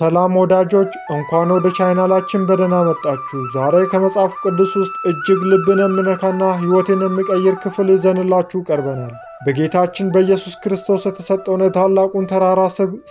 ሰላም ወዳጆች እንኳን ወደ ቻይናላችን በደህና መጣችሁ። ዛሬ ከመጽሐፍ ቅዱስ ውስጥ እጅግ ልብን የሚነካና ሕይወትን የሚቀይር ክፍል ይዘንላችሁ ቀርበናል። በጌታችን በኢየሱስ ክርስቶስ የተሰጠውን የታላቁን ተራራ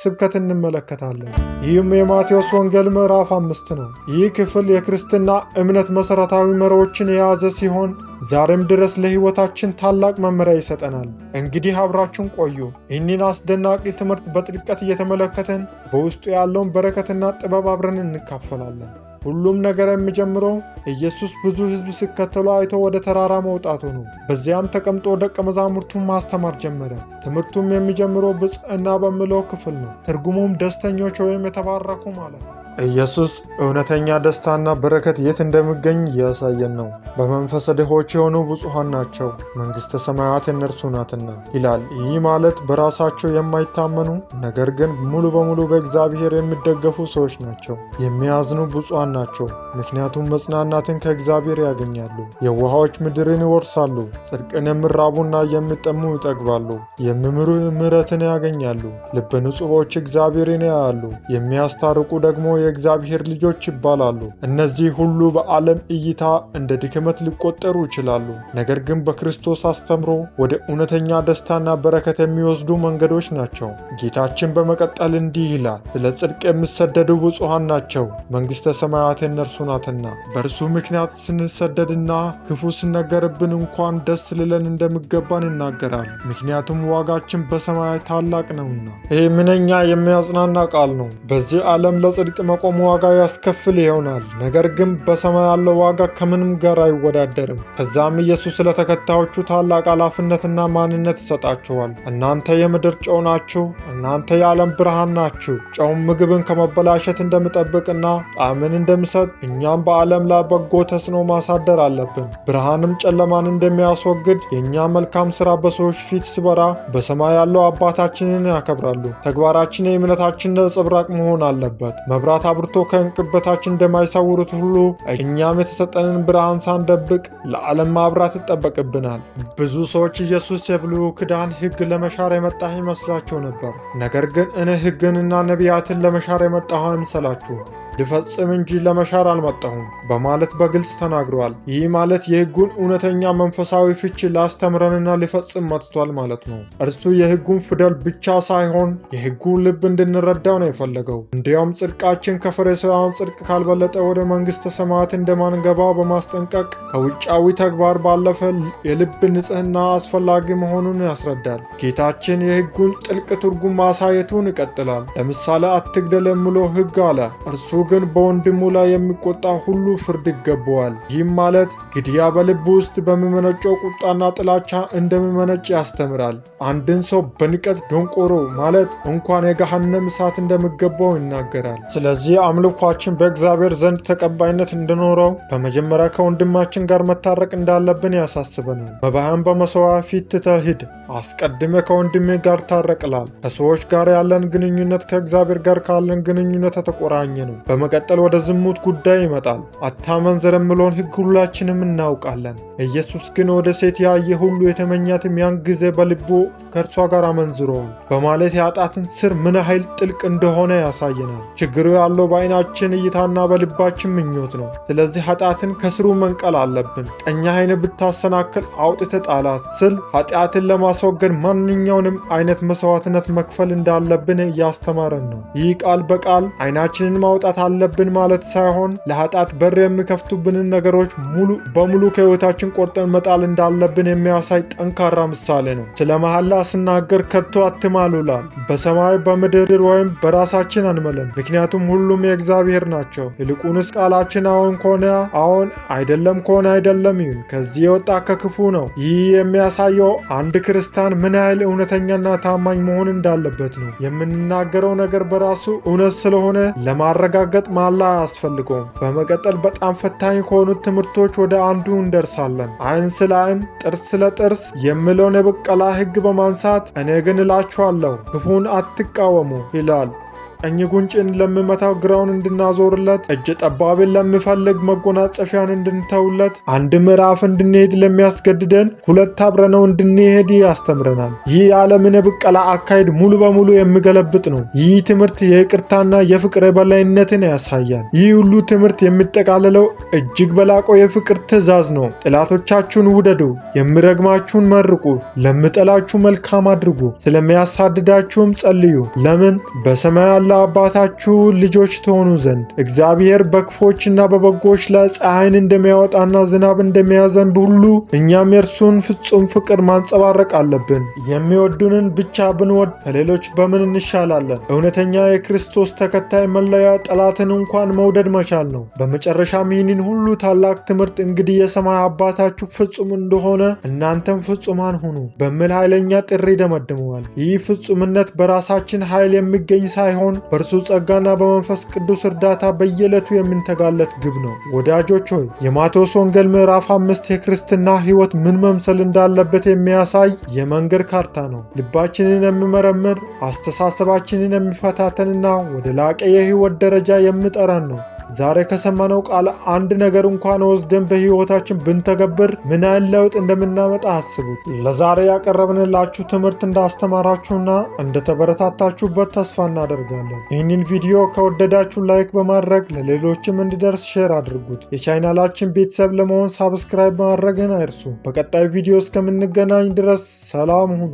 ስብከት እንመለከታለን። ይህም የማቴዎስ ወንጌል ምዕራፍ አምስት ነው። ይህ ክፍል የክርስትና እምነት መሠረታዊ መሪዎችን የያዘ ሲሆን ዛሬም ድረስ ለሕይወታችን ታላቅ መመሪያ ይሰጠናል። እንግዲህ አብራችን ቆዩ። ይህንን አስደናቂ ትምህርት በጥልቀት እየተመለከትን በውስጡ ያለውን በረከትና ጥበብ አብረን እንካፈላለን። ሁሉም ነገር የሚጀምረው ኢየሱስ ብዙ ሕዝብ ሲከተሉ አይቶ ወደ ተራራ መውጣቱ ነው። በዚያም ተቀምጦ ደቀ መዛሙርቱን ማስተማር ጀመረ። ትምህርቱም የሚጀምረው ብፅዕና በሚለው ክፍል ነው። ትርጉሙም ደስተኞች ወይም የተባረኩ ማለት ነው። ኢየሱስ እውነተኛ ደስታና በረከት የት እንደሚገኝ እያሳየን ነው። በመንፈስ ድሆች የሆኑ ብፁሐን ናቸው፣ መንግሥተ ሰማያት የእነርሱ ናትና ይላል። ይህ ማለት በራሳቸው የማይታመኑ ነገር ግን ሙሉ በሙሉ በእግዚአብሔር የሚደገፉ ሰዎች ናቸው። የሚያዝኑ ብፁዓን ናቸው፣ ምክንያቱም መጽናናትን ከእግዚአብሔር ያገኛሉ። የውሃዎች ምድርን ይወርሳሉ። ጽድቅን የሚራቡና የሚጠሙ ይጠግባሉ። የሚምሩ ምሕረትን ያገኛሉ። ልበ ንጹሖች እግዚአብሔርን ያያሉ። የሚያስታርቁ ደግሞ የእግዚአብሔር ልጆች ይባላሉ። እነዚህ ሁሉ በዓለም እይታ እንደ ድክመት ሊቆጠሩ ይችላሉ። ነገር ግን በክርስቶስ አስተምሮ ወደ እውነተኛ ደስታና በረከት የሚወስዱ መንገዶች ናቸው። ጌታችን በመቀጠል እንዲህ ይላል፣ ስለ ጽድቅ የምሰደዱ ብፁሐን ናቸው፣ መንግሥተ ሰማያት የእነርሱ ናትና። በእርሱ ምክንያት ስንሰደድና ክፉ ስነገርብን እንኳን ደስ ልለን እንደሚገባን ይናገራል፣ ምክንያቱም ዋጋችን በሰማያት ታላቅ ነውና። ይህ ምንኛ የሚያጽናና ቃል ነው። በዚህ ዓለም ለጽድቅ መቆሙ ዋጋ ያስከፍል ይሆናል። ነገር ግን በሰማይ ያለው ዋጋ ከምንም ጋር አይወዳደርም። ከዛም ኢየሱስ ለተከታዮቹ ታላቅ ኃላፊነትና ማንነት ይሰጣቸዋል። እናንተ የምድር ጨው ናችሁ፣ እናንተ የዓለም ብርሃን ናችሁ። ጨውም ምግብን ከመበላሸት እንደሚጠብቅና ጣዕምን እንደሚሰጥ እኛም በዓለም ላይ በጎ ተጽዕኖ ማሳደር አለብን። ብርሃንም ጨለማን እንደሚያስወግድ የእኛ መልካም ሥራ በሰዎች ፊት ሲበራ በሰማይ ያለው አባታችንን ያከብራሉ። ተግባራችን የእምነታችን ነጸብራቅ መሆን አለበት። መብራት ጠላት አብርቶ ከእንቅበታችን እንደማይሳውሩት እንደማይሰውሩት ሁሉ እኛም የተሰጠንን ብርሃን ሳንደብቅ ለዓለም ማብራት ይጠበቅብናል። ብዙ ሰዎች ኢየሱስ የብሉይ ኪዳን ሕግ ለመሻር የመጣ ይመስላችሁ ነበር። ነገር ግን እኔ ሕግንና ነቢያትን ለመሻር የመጣሁ አይምሰላችሁ። ልፈጽም እንጂ ለመሻር አልመጣሁም በማለት በግልጽ ተናግረዋል። ይህ ማለት የህጉን እውነተኛ መንፈሳዊ ፍቺ ላስተምረንና ሊፈጽም መጥቷል ማለት ነው። እርሱ የህጉን ፊደል ብቻ ሳይሆን የህጉን ልብ እንድንረዳው ነው የፈለገው። እንዲያውም ጽድቃችን ከፈሪሳውያን ጽድቅ ካልበለጠ ወደ መንግሥተ ሰማያት እንደማንገባ በማስጠንቀቅ ከውጫዊ ተግባር ባለፈ የልብ ንጽህና አስፈላጊ መሆኑን ያስረዳል። ጌታችን የህጉን ጥልቅ ትርጉም ማሳየቱን ይቀጥላል። ለምሳሌ አትግደል የሚለው ህግ አለ እርሱ ግን በወንድሙ ላይ የሚቆጣ ሁሉ ፍርድ ይገባዋል። ይህም ማለት ግድያ በልብ ውስጥ በሚመነጨው ቁጣና ጥላቻ እንደሚመነጭ ያስተምራል። አንድን ሰው በንቀት ደንቆሮ ማለት እንኳን የገሃነም እሳት እንደሚገባው ይናገራል። ስለዚህ አምልኳችን በእግዚአብሔር ዘንድ ተቀባይነት እንዲኖረው በመጀመሪያ ከወንድማችን ጋር መታረቅ እንዳለብን ያሳስበናል። መባህን በመሰዋ ፊት ትተህ ሂድ፣ አስቀድሜ ከወንድሜ ጋር ታረቅላል። ከሰዎች ጋር ያለን ግንኙነት ከእግዚአብሔር ጋር ካለን ግንኙነት የተቆራኘ ነው። በመቀጠል ወደ ዝሙት ጉዳይ ይመጣል። አታመንዝር የሚለውን ሕግ ሁላችንም እናውቃለን። ኢየሱስ ግን ወደ ሴት ያየ ሁሉ የተመኛትም ያን ጊዜ በልቡ ከእርሷ ጋር አመንዝሯል በማለት የኃጢአትን ስር ምን ያህል ጥልቅ እንደሆነ ያሳየናል። ችግሩ ያለው በዓይናችን እይታና በልባችን ምኞት ነው። ስለዚህ ኃጢአትን ከስሩ መንቀል አለብን። ቀኝ ዓይን ብታሰናክል አውጥተህ ጣላት ስል ኃጢአትን ለማስወገድ ማንኛውንም አይነት መስዋዕትነት መክፈል እንዳለብን እያስተማረን ነው። ይህ ቃል በቃል ዓይናችንን ማውጣት አለብን ማለት ሳይሆን ለኃጢአት በር የሚከፍቱብንን ነገሮች ሙሉ በሙሉ ከህይወታችን ቆርጠን መጣል እንዳለብን የሚያሳይ ጠንካራ ምሳሌ ነው። ስለ መሐላ ስናገር ከቶ አትማሉላል በሰማይ በምድር ወይም በራሳችን አንመለም፣ ምክንያቱም ሁሉም የእግዚአብሔር ናቸው። ይልቁንስ ቃላችን አሁን ከሆነ አሁን አይደለም ከሆነ አይደለም ይሁን። ከዚህ የወጣ ከክፉ ነው። ይህ የሚያሳየው አንድ ክርስቲያን ምን ያህል እውነተኛና ታማኝ መሆን እንዳለበት ነው። የምንናገረው ነገር በራሱ እውነት ስለሆነ ለማረጋገ ማረጋገጥ ማላ አያስፈልገውም። በመቀጠል በጣም ፈታኝ ከሆኑት ትምህርቶች ወደ አንዱ እንደርሳለን። አይን ስለ አይን ጥርስ ስለ ጥርስ የሚለውን የበቀላ ህግ በማንሳት እኔ ግን እላችኋለሁ ክፉን አትቃወሙ ይላል። ቀኝ ጉንጭን ለምመታ ግራውን እንድናዞርለት፣ እጅ ጠባብን ለምፈልግ መጎናጸፊያን እንድንተውለት፣ አንድ ምዕራፍ እንድንሄድ ለሚያስገድደን ሁለት አብረነው እንድንሄድ ያስተምረናል። ይህ የዓለምን ብቀላ አካሄድ ሙሉ በሙሉ የሚገለብጥ ነው። ይህ ትምህርት የይቅርታና የፍቅር የበላይነትን ያሳያል። ይህ ሁሉ ትምህርት የሚጠቃለለው እጅግ በላቀው የፍቅር ትእዛዝ ነው። ጠላቶቻችሁን ውደዱ፣ የሚረግማችሁን መርቁ፣ ለምጠላችሁ መልካም አድርጉ፣ ስለሚያሳድዳችሁም ጸልዩ። ለምን በሰማይ ለአባታችሁ ልጆች ትሆኑ ዘንድ እግዚአብሔር በክፎችና በበጎች ላይ ፀሐይን እንደሚያወጣና ዝናብ እንደሚያዘንብ ሁሉ እኛም የእርሱን ፍጹም ፍቅር ማንጸባረቅ አለብን። የሚወዱንን ብቻ ብንወድ ከሌሎች በምን እንሻላለን? እውነተኛ የክርስቶስ ተከታይ መለያ ጠላትን እንኳን መውደድ መቻል ነው። በመጨረሻም ይህንን ሁሉ ታላቅ ትምህርት እንግዲህ የሰማይ አባታችሁ ፍጹም እንደሆነ እናንተም ፍጹማን ሁኑ በሚል ኃይለኛ ጥሪ ደመድመዋል። ይህ ፍጹምነት በራሳችን ኃይል የሚገኝ ሳይሆን በእርሱ ጸጋና በመንፈስ ቅዱስ እርዳታ በየዕለቱ የምንተጋለት ግብ ነው። ወዳጆች ሆይ የማቴዎስ ወንጌል ምዕራፍ አምስት የክርስትና ሕይወት ምን መምሰል እንዳለበት የሚያሳይ የመንገድ ካርታ ነው። ልባችንን የሚመረምር አስተሳሰባችንን የሚፈታተንና ወደ ላቀ የሕይወት ደረጃ የሚጠራን ነው። ዛሬ ከሰማነው ቃል አንድ ነገር እንኳን ወስደን በሕይወታችን ብንተገብር ምን ያህል ለውጥ እንደምናመጣ አስቡት። ለዛሬ ያቀረብንላችሁ ትምህርት እንዳስተማራችሁና እንደተበረታታችሁበት ተስፋ እናደርጋለን። እናደርጋለን። ይህንን ቪዲዮ ከወደዳችሁ ላይክ በማድረግ ለሌሎችም እንዲደርስ ሼር አድርጉት። የቻናላችን ቤተሰብ ለመሆን ሳብስክራይብ ማድረግን አይርሱ። በቀጣዩ ቪዲዮ እስከምንገናኝ ድረስ ሰላም ሁኑ።